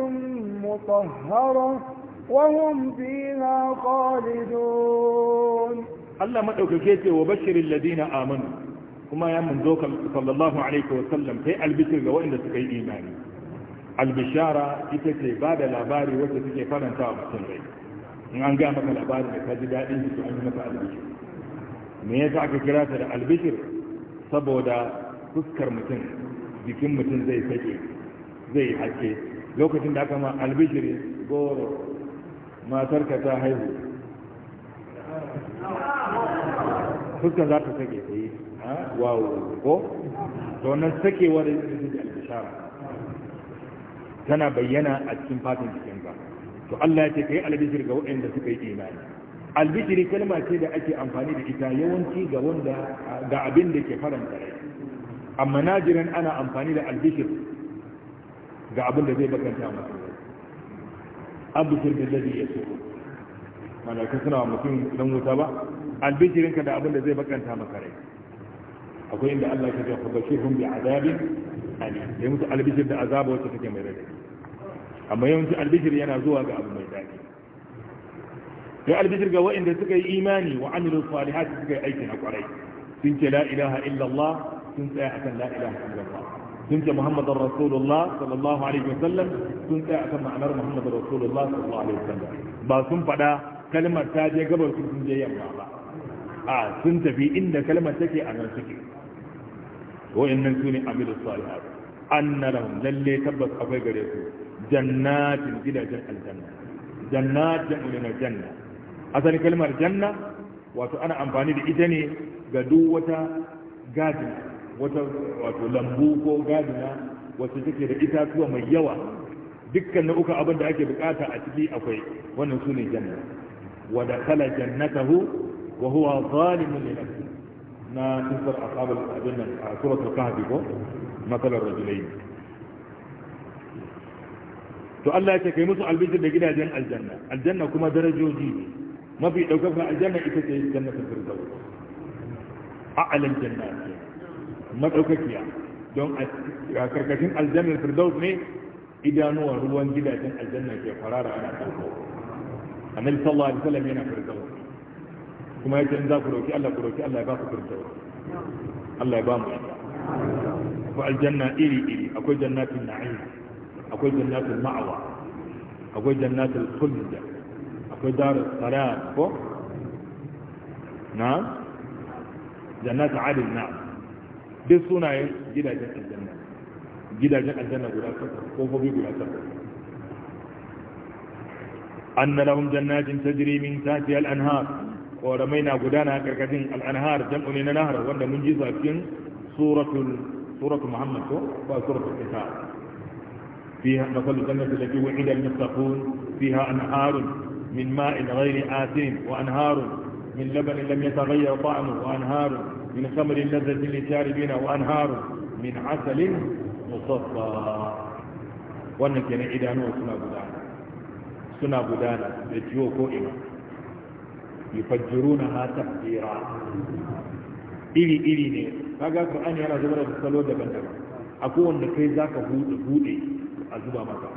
مطهرة وهم فيها خالدون الله ما أكلكيته وبشر الذين آمنوا kuma ya mun manzo sallallahu alaihi wasallam kai albishir ga waɗanda suka yi imani albishara ita ce ba da labari wacce suke faranta wa mutum rai in an ga maka labari da kaji ji daɗin shi an yi maka albishir me yasa aka kira ta da albishir saboda fuskar mutum jikin mutum zai sake zai haske lokacin da aka ma albishir goro matarka ta haihu fuskar za ta sake ta eh. yi wawo ko to wannan sakewar da al albishara. tana bayyana a cikin fatan cikin ba to Allah ya ce kai albishir ga waɗanda suka yi imani albishiri kalma ce da ake amfani da ita yawanci ga wanda ga abin da ke faranta rai amma najiran ana amfani da albishir ga abin da zai bakanta masa albishir da zai yi so malaka suna mutum dan wuta ba albishirinka da abin da zai bakanta maka rai akwai inda Allah ke ce fa bashirhum bi azabin alim dai musu albishir da azaba wacce take mai rai amma yawanci albishir yana zuwa ga abu mai daɗi sai albishir ga waɗanda suka yi imani wa amilu salihat suka yi aiki na kwarai sun ce la ilaha illallah sun tsaya akan la ilaha illallah sun ce muhammadar rasulullah sallallahu alaihi wasallam sun tsaya akan ma'anar muhammadar rasulullah sallallahu alaihi wasallam ba sun faɗa kalmar ta je gabar sun je yamma ba a sun tafi inda kalmar take a nan suke wa'annan su ne amilus salihat anna lahum lalle tabbas akwai gare su jannatin gidajen aljanna jannat jam'u janna asalin kalmar janna wato ana amfani da ita ne ga duk wata gadina wata wato lambu ko gadina wacce take da itatuwa mai yawa dukkan nau'ukan abin da ake bukata a ciki akwai wannan su ne janna wa dakhala jannatahu wa huwa zalimun li nafsi نا تنصر أصحاب الجنة سورة الكهف بو مثل الرجلين تو الله يتكي البيت البيتر بقنا جن الجنة الجنة كما درجه دي ما في أوقفها الجنة إتكي الجنة في الفردوس أعلى الجنة ما تأوكك يا دون كركتين الجنة في الزوج إذا نور هو أنجلة الجنة كيف فرارة أنا أتوقف النبي صلى الله عليه وسلم ينا في الزوج kuma yake in za ku roki Allah ku roki Allah ya ba ku firdaus Allah ya ba mu ita ko aljanna iri iri akwai jannatin na'im akwai jannatin ma'awa akwai jannatin khuld akwai dar salam ko na jannatin adil na duk sunayen gidajen aljanna gidajen aljanna guda takwas kofofi guda takwas أن لهم جنات تجري من تحتها الأنهار ƙoramai na gudana karkashin al'anhar jam'u ne na nahar wanda mun ji zafin suratul suratul muhammad ko ba suratul isa فيها مثل الجنة التي وعد المتقون فيها أنهار من ماء غير آثم وأنهار من لبن لم يتغير طعمه وأنهار من خمر لذة للشاربين وأنهار من عسل مصفى وأنك يعني إذا نوع سنة بدانة سنة بدانة بجيو كوئمة yufajjiruna ha tafjira iri iri ne kaga qur'ani yana zubar da salo daban-daban akwai wanda kai zaka bude bude a zuba maka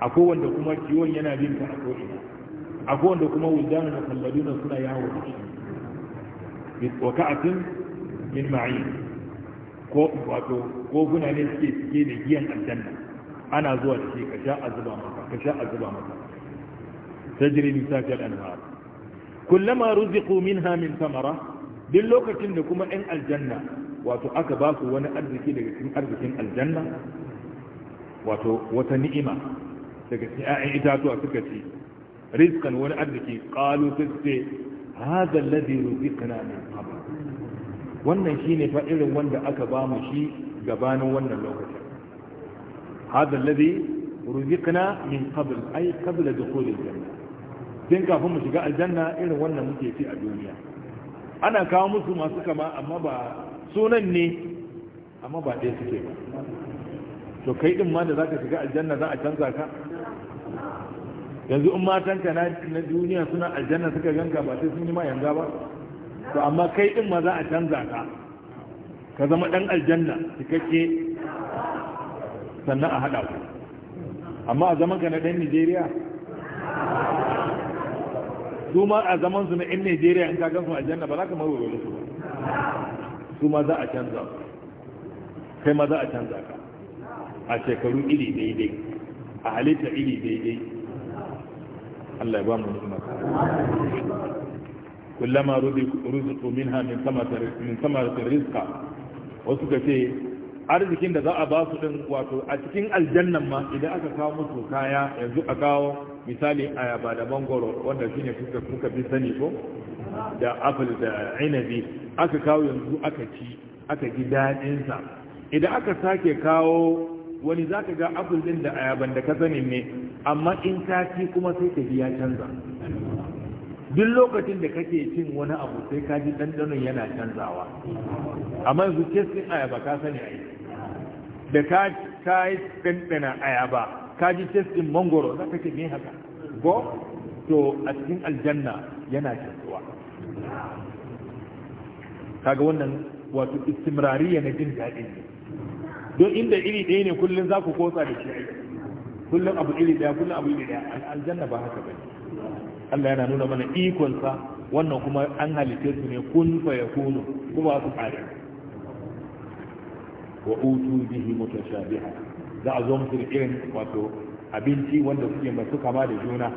akwai wanda kuma ciwon yana bin ka a koyi akwai wanda kuma wuldanu da kalladuna suna yawo da shi wa min ma'in ko wato kuna ne suke suke da giyan aljanna ana zuwa da shi ka sha a zuba maka ka sha a zuba maka tajri min anhar kullama ruziqu minha min samara duk lokacin da kuma ɗan aljanna wato aka ba su wani arziki daga cikin arzikin aljanna wato wata ni'ima daga cikin ƴaƴan itatuwa suka ci rizqan wani arziki qalu sai hadha alladhi ruziqna min qabl wannan shine fa irin wanda aka ba mu shi gabanin wannan lokacin hadha alladhi ruziqna min qabl ay qabla dukhul aljanna din kafin mu shiga aljanna irin wannan muke ci a duniya ana kawo musu masu kama amma ba sunan ne amma ba ɗaya suke ba to kai din ma da zaka shiga aljanna za a canza ka yanzu in matanka na duniya suna aljanna suka ganka ba sai sun yi ma yanga ba to amma kai din ma za a canza ka ka zama dan aljanna cikakke sannan a haɗa ku amma a zaman ka na ɗan Nijeriya su ma a zaman su na yan Najeriya in ka gan a aljanna ba za ka marwaro su su ma za a canza kai ma za a canza ka a shekaru iri daidai a halitta iri daidai Allah ya ba mu nuna kullama ruzuku minha min samaratin rizqa wasu ka ce arzikin da za a ba su din wato a cikin aljannan ma idan aka kawo musu kaya yanzu a kawo misali ayaba da mangoro wanda shine ne kuka bi sani ko da apple da inabi aka kawo yanzu aka ci aka ji daɗinsa. sa idan aka sake kawo wani zaka ga apple ɗin da ayaban da ka sani ne amma in ka ci kuma sai ka ji ya canza duk lokacin da kake cin wani abu sai ka ji ɗanɗanon yana canzawa amma yanzu kesin ayaba ka sani a da ka yi ɗanɗana ayaba ka ji test din mangoro za ka ce me haka go to a cikin aljanna yana cewa kaga wannan wato istimrariya na jin daɗi ne don inda iri ɗaya ne kullum za ku kosa da shi kullum abu iri ɗaya kullum abu iri ɗaya aljanna ba haka bane Allah yana nuna mana ikonsa wannan kuma an halitta su ne kun fa kunu kuma su kare wa utu bihi mutashabiha za a zo musu da irin wato abinci wanda suke masu kama da juna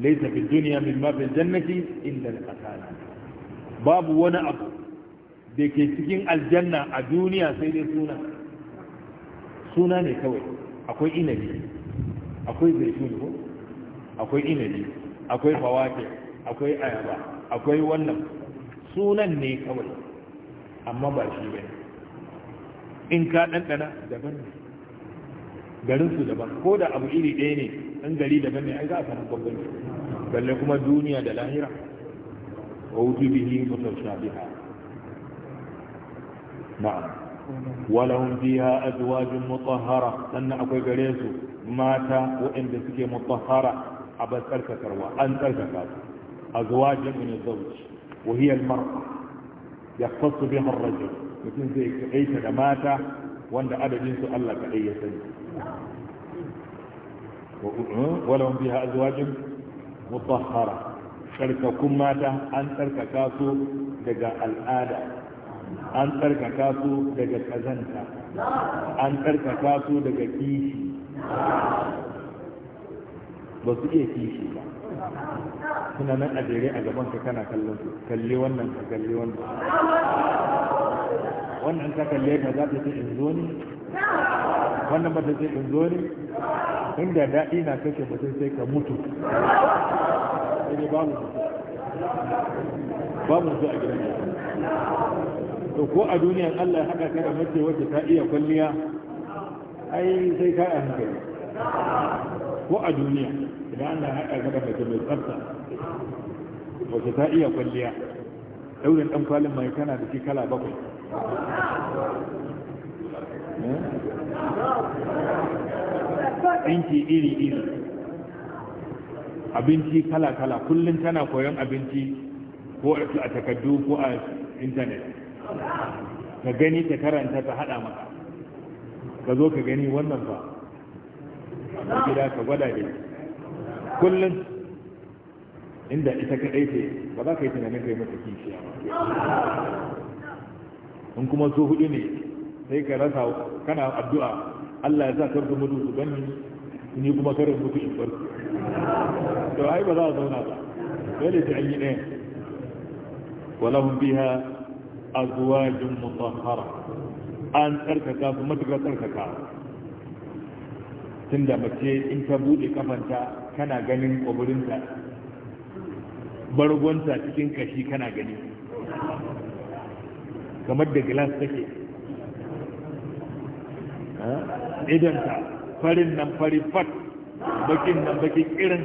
laisa fi duniya min ma fil jannati illa al babu wani abu da ke cikin aljanna a duniya sai dai suna suna ne kawai akwai inabi akwai zaitun ko akwai inabi akwai fawake akwai ayaba akwai wannan sunan ne kawai amma ba shi bane in ka ɗanɗana daban ne garinsu daban ko da abu iri ɗaya ne ɗan gari daban ne ai za a samu bambanci balle kuma duniya da lahira a wuce wa wujubihi mutashabiha biya a fiha azwajun mutahhara sannan akwai gare su mata waɗanda suke mutahhara a ba tsarkakarwa an tsarkaka su a min zawj wa hiya al ya yaqtasu bihar rajin mutum zai kaita da mata wanda adadinsu Allah kadai ya sani Wala walahun biha azwajin mutahhara tsarkakun mata an tsarkaka su daga al'ada an tsarkaka su daga kazanta an tsarkaka su daga kishi ba su iya kishi ba suna nan a jere a gaban ka kana kallon su kalle wannan ka kalle wannan wannan ta kalle ka za ta ce in zo ne wannan ba zai in zo ne inda daɗi na kashe mutum sai ka mutu Ba mu ba mu zo a gidan to ko a duniya Allah ya haɗa kai mace wacce ta iya kwalliya ai sai ka a hankali ko a duniya idan Allah ya haɗa kai mace mai tsafta wacce ta iya kwalliya daurin ɗan kwalin mai kana da shi kala bakwai ɗinki hmm? iri-iri abinci kala-kala kullum tana koyon abinci ko a takardu ko a intanet ka gani ta karanta ta haɗa maka ka zo ka gani wannan ba gida ka gwada dai kullum inda ita ka ɗaife ba za ka yi tunanin kai mata kishiya ba in kuma zo hudu ne sai ka rasa kana addu'a Allah ya sa kar ka mutu su gani ni kuma ka mutu in bar to ai ba za a zauna ba dole sai an yi ɗaya hum biha azwajun mutahhara an tsarkaka su matukar tsarkaka tunda mace in ta bude kafanta kana ganin kwaburinta bargonta cikin kashi kana gani kamar da glass take idanta farin nan fari fat bakin nan irin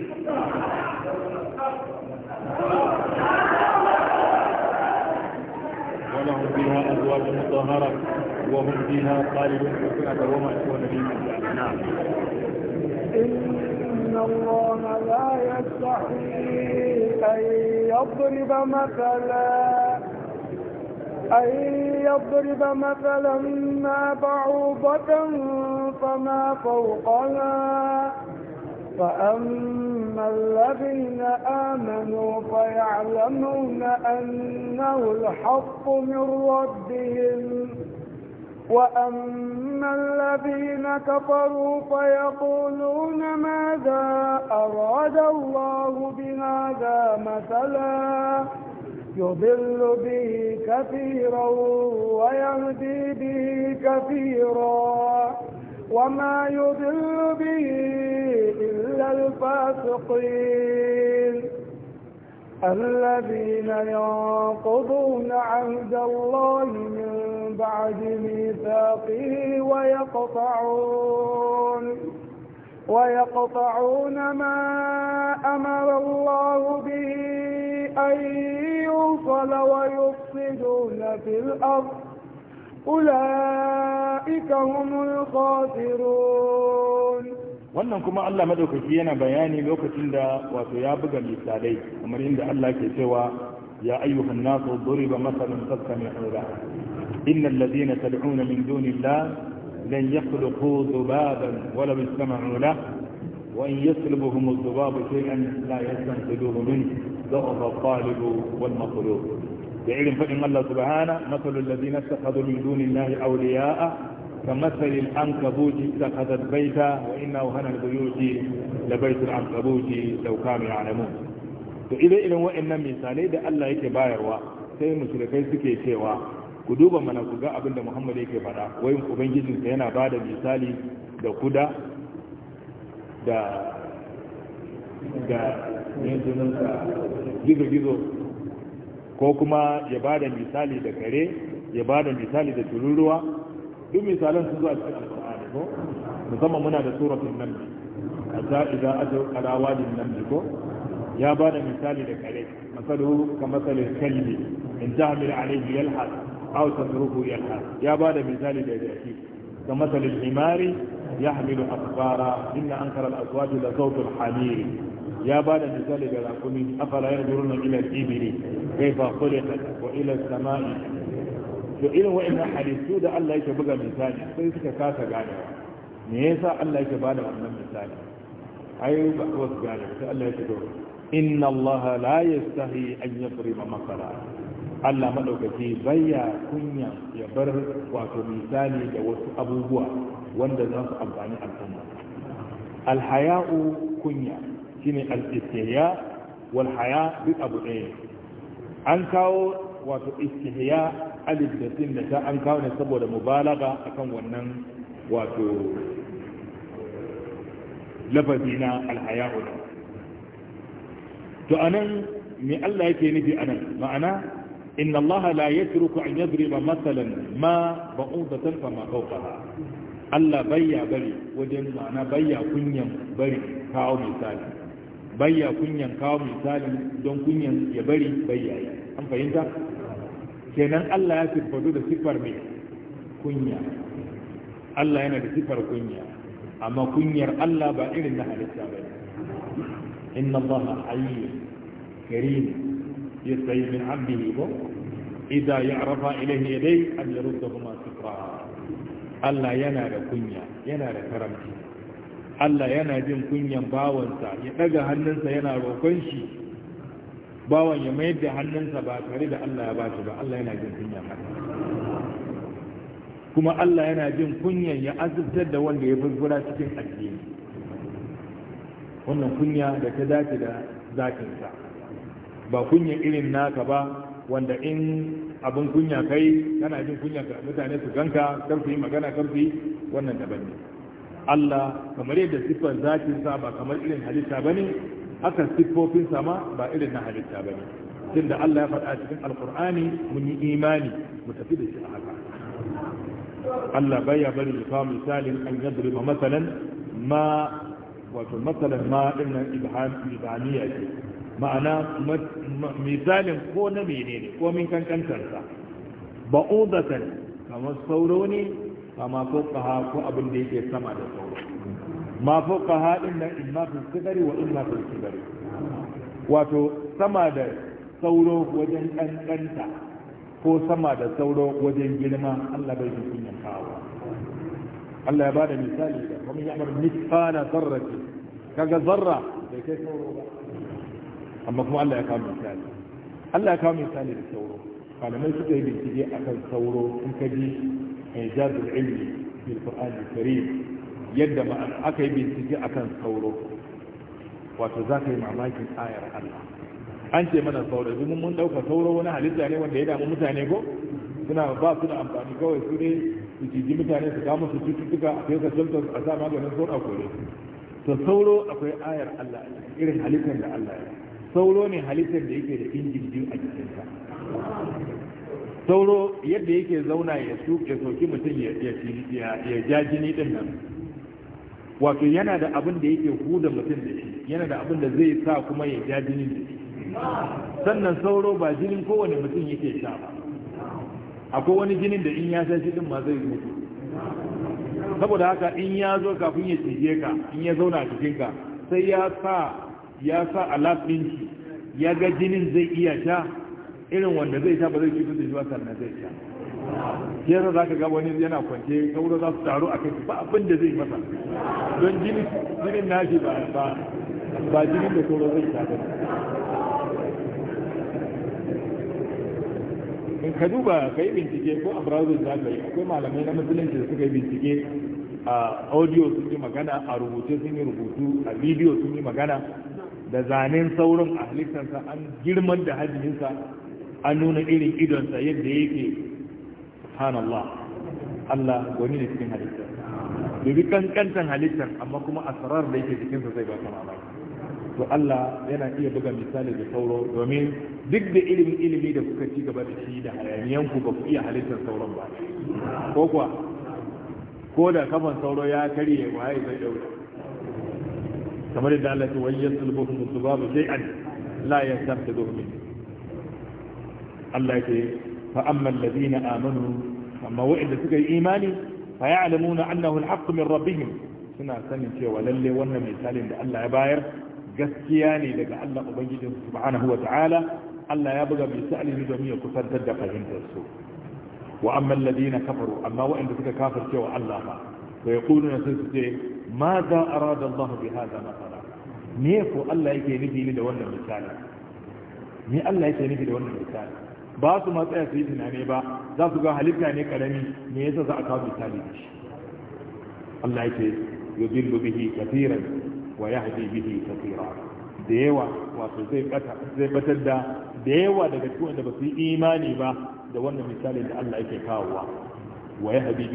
ولهم فيها أزواج مطهرة وهم فيها خالدون وكأت وما أكون لي نعم إن الله لا يستحي أن يضرب مثلاً أن يضرب مثلا ما بعوضة فما فوقها فأما الذين آمنوا فيعلمون أنه الحق من ربهم وأما الذين كفروا فيقولون ماذا أراد الله بهذا مثلاً يضل به كثيرا ويهدي به كثيرا وما يضل به إلا الفاسقين الذين ينقضون عهد الله من بعد ميثاقه ويقطعون ويقطعون ما أمر الله به أن يوصل ويفسدون في الأرض أولئك هم الخاسرون wannan kuma Allah madaukaki yana bayani lokacin da wato ya buga misalai kamar inda Allah ke cewa ya ayyuhan nasu duriba masalun tasami'u la innal ladina tad'una min dunillahi لن يخلقوا ذبابا ولو استمعوا له وإن يسلبهم الذباب شيئا لا يستنقذوه منه ضعف الطالب والمطلوب بعلم فإن الله سبحانه مثل الذين اتخذوا من دون الله أولياء كمثل العنكبوت اتخذت بيتا وإن أوهن البيوت لبيت العنكبوت لو كانوا يعلمون فإذا إذا وإن مثالي ده الله يكبايروا سيمشركي سكي شيوا ku duba mana ku ga abin da muhammad yake faɗa wai ubangijinsa yana ba da misali da kuda da da yanzunansa gizo-gizo ko kuma ya ba da misali da kare ya ba da misali da tururuwa duk misalan sun zuwa cikin alkur'ani ko musamman muna da suratun nan ne. a sa'iza a karawa din nan ko ya ba da misali da kare masalu ka masalin kalbi in ta hamil alaihi yalhas aw tatruku yaka ya ba da misali da jaki ka masalin himari yahmilu asfara inna ankara al-aswati la sawtu al-hamiri ya ba da misali da rakumi afala yanzuruna ila al-ibli kayfa khuliqat wa ila as-sama'i to irin wa'annan hadisu da Allah yake buga misali sai suka kasa ganewa me yasa Allah yake da wannan misali ai ba wasu gane sai Allah yake to inna Allah la yastahi an ma masalan Allah maɗaukaki baya kunya ya bar wato misali da wasu abubuwa wanda za su amfani al'umma alhaya'u kunya shine al-istihya wal haya duk abu ɗaya an kawo wato istihya alif da sin da ta an kawo ne saboda mubalaga akan wannan wato lafazi na alhaya'u to anan me Allah yake nufi anan ma'ana إن الله لا يترك أن يضرب ma ما بعوضة فما فوقها Allah bayya bari wajen ma'ana bayya kunyan bari kawo misali bayya kunyan kawo misali don kunyan ya bari bayya yi an fahimta kenan Allah ya siffatu da siffar mai kunya Allah yana da siffar kunya amma kunyar Allah ba irin na halitta ba inna Allah hayyun karim يستحي من عبده إذا يعرف إليه يديه أن يردهما سفرا Allah yana da kunya yana da karamci Allah yana jin kunyan bawansa ya daga hannunsa yana roƙon shi bawan ya mayar da hannunsa ba tare da Allah ya bashi ba Allah yana jin kunyan haka kuma Allah yana jin kunyan ya azubtar da wanda ya furfura cikin addini wannan kunya da ta dace da zatinsa ba kunya irin naka ba wanda in abin kunya kai kana jin kunya ka mutane su ganka kar su magana kar wannan daban ne Allah kamar yadda siffar zatin sa ba kamar irin halitta bane haka siffofin sa ma ba irin na halitta bane tunda Allah ya faɗa cikin Alƙur'ani mun yi imani mu tafi da shi a haka Allah baya bari ya kawo misalin an yadriba masalan ma wato masalan ma dinnan ibham ibhamiya ce ma'ana misalin ko na mene ne ko min kankantarsa ba'udatan kamar sauro ne kama kaha ko abin da yake sama da sauro ma fuqaha din nan imma fi sigari wa imma fi sigari wato sama da sauro wajen kankanta ko sama da sauro wajen girma Allah bai ji kunyan kawo Allah ya bada misali da kuma ya amar mithqala zarrati kaga zarra da kai sauro ba amma kuma Allah ya kawo misali Allah ya kawo misali da sauro malamai suka yi bincike akan sauro in ka ji ijazul ilmi bil qur'an karim yadda ma aka yi bincike akan sauro wato za ka yi mamakin ayar Allah an ce mana sauro domin mun dauka sauro wani halitta ne wanda ya damu mutane ko suna ba su da amfani kawai su ne su ciji mutane su kama su cututtuka a kai shelter a sa maganin sauro a kore to sauro akwai ayar Allah irin halittar da Allah ya sauro ne halittar da yake da injin biyu a jikinsa sauro yadda yake zauna ya soki mutum ya ja jini din nan wato yana da abin da yake huda mutum da shi yana da abin da zai sa kuma ya ja jini da shi sannan sauro ba jinin kowane mutum yake sha ba akwai wani jinin da in ya sha shi din ma zai mutu saboda haka in ya zo kafin ya cije ka in ya zauna a cikinka sai ya sa ya sa alaf ɗinki ya ga jinin zai iya sha irin wanda zai sha ba zai ci da shi ba sannan zai sha yasa za ka ga wani yana kwance sauro za su taru a kai ba abin da zai masa don jinin nashi ba ba jinin da sauro zai sha in ka duba ka yi bincike ko a brazil za ka yi akwai malamai na musulunci da suka yi bincike a audio sun yi magana a rubuce sun yi rubutu a video sun yi magana da zanen saurin a halittarsa an girman da hajjinsa an nuna irin idonsa yadda yake subhanallah Allah wani ne cikin halittar bi kankantan halittar amma kuma asrar da yake cikinsa zai ba baka mamaki to Allah yana iya buga misali da sauro domin duk da ilimin ilimi da kuka ci gaba da shi da hayaniyanku ba ku iya halittar sauron ba ko kuwa ko da kafan sauro ya karye waye zai dauka kamar yadda Allah ya wayyar sulbuhun musubabu shay'an la yastanfidhu min Allah ya ce fa amma alladhina amanu amma wa'inda suka yi imani fa ya'lamuna annahu al-haqq min rabbihim suna sanin cewa lalle wannan misalin da Allah ya bayar gaskiya ne daga Allah ubangijin subhanahu wa ta'ala Allah ya buga misali ne domin ya kusantar da fahimtar su wa amma alladhina kafaru amma wa'inda suka kafirce wa Allah ba fa yaquluna sun su ce Maza za a rada Allah bi haza matsala me ko Allah yake nufi ni da wannan misali me Allah yake nufi da wannan misali ba su ma su yi tunane ba za su ga halitta ne karami me yasa za a kawo misali da Allah yake yudillu bihi kathiran wa yahdi bihi kathira da yawa wato zai bata da da daga yi imani ba da wannan misalin da Allah yake kawowa wa yahdi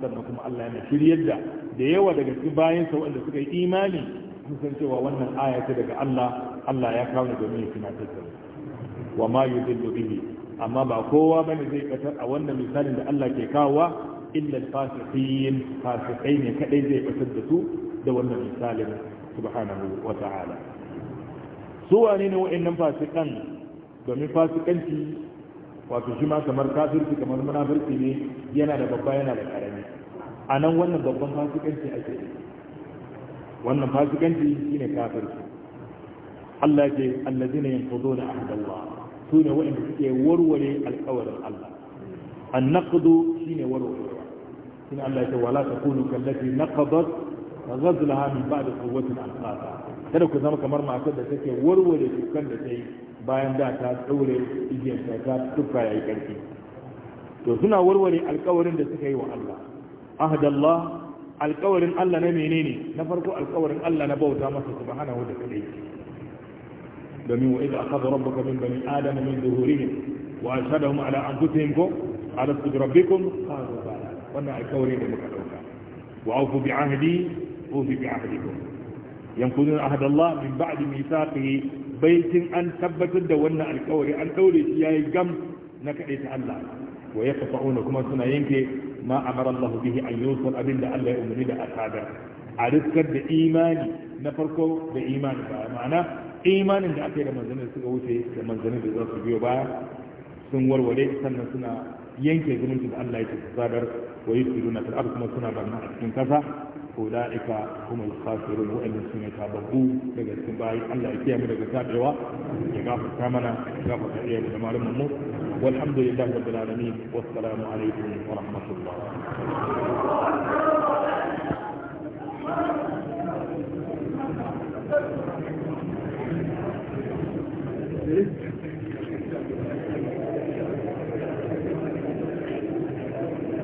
sannan kuma Allah yana shiryar da da yawa daga cikin bayan sa wanda suka yi imani sun san cewa wannan aya ce daga Allah Allah ya kawo domin ya tunatar da wa ma yudillu bihi amma ba kowa bane zai katar a wannan misalin da Allah ke kawowa illa al-fasiqin fasiqai kadai zai batar da su da wannan misalin subhanahu wa ta'ala su wane ne wa'annan fasikan domin fasikanci wato shi ma kamar kafirci kamar munafirci ne yana da babba yana da karami a nan wannan babban fasikanci ake yi wannan fasikanci shine kafirci Allah ce allazina yanquduna su ne waɗanda suke warware alƙawarin Allah annaqdu shine warware shine Allah ya ce wala takunu kallati naqadat ghazlaha min ba'di quwwatin alƙasa. kada ku zama kamar matar da take warware tukan da ta yi bayan da ta tsaure igiyarta ta tuka ya yi ƙarfi to suna warware alkawarin da suka yi wa Allah ahdallah alkawarin Allah na menene na farko alkawarin Allah na bauta masa subhanahu da kadai domin wa idza akhadha rabbuka min bani adama min zuhurihim wa ashhadahum ala anfusihim ko ala rabbikum qalu bala wannan alkawarin da muka dauka wa aufu bi ahdi ufi bi ahdikum yankudun ahadallah min ba'di mithaqihi tun an tabbatar da wannan alkawari an daure shi yayi gam na kade ta Allah wa yaqta'una kuma suna yanke ma amara Allah bihi an yusal abinda Allah ya umarni da akada a riskar da imani na farko da imani ba ma'ana imanin da aka yi da manzanin suka wuce da manzanin da za su biyo baya sun warware sannan suna yanke zumunci da Allah ya ce sadar wa yusiruna fil ardh kuma suna barna a cikin kasa أولئك هم الخاسرون وإن سنة تابقوا لقد سنبعي الله إكيام لقد يقاف يغافر يقاف يغافر من المعلم لمنه والحمد لله رب العالمين والسلام عليكم ورحمة الله Thank إيه؟ you.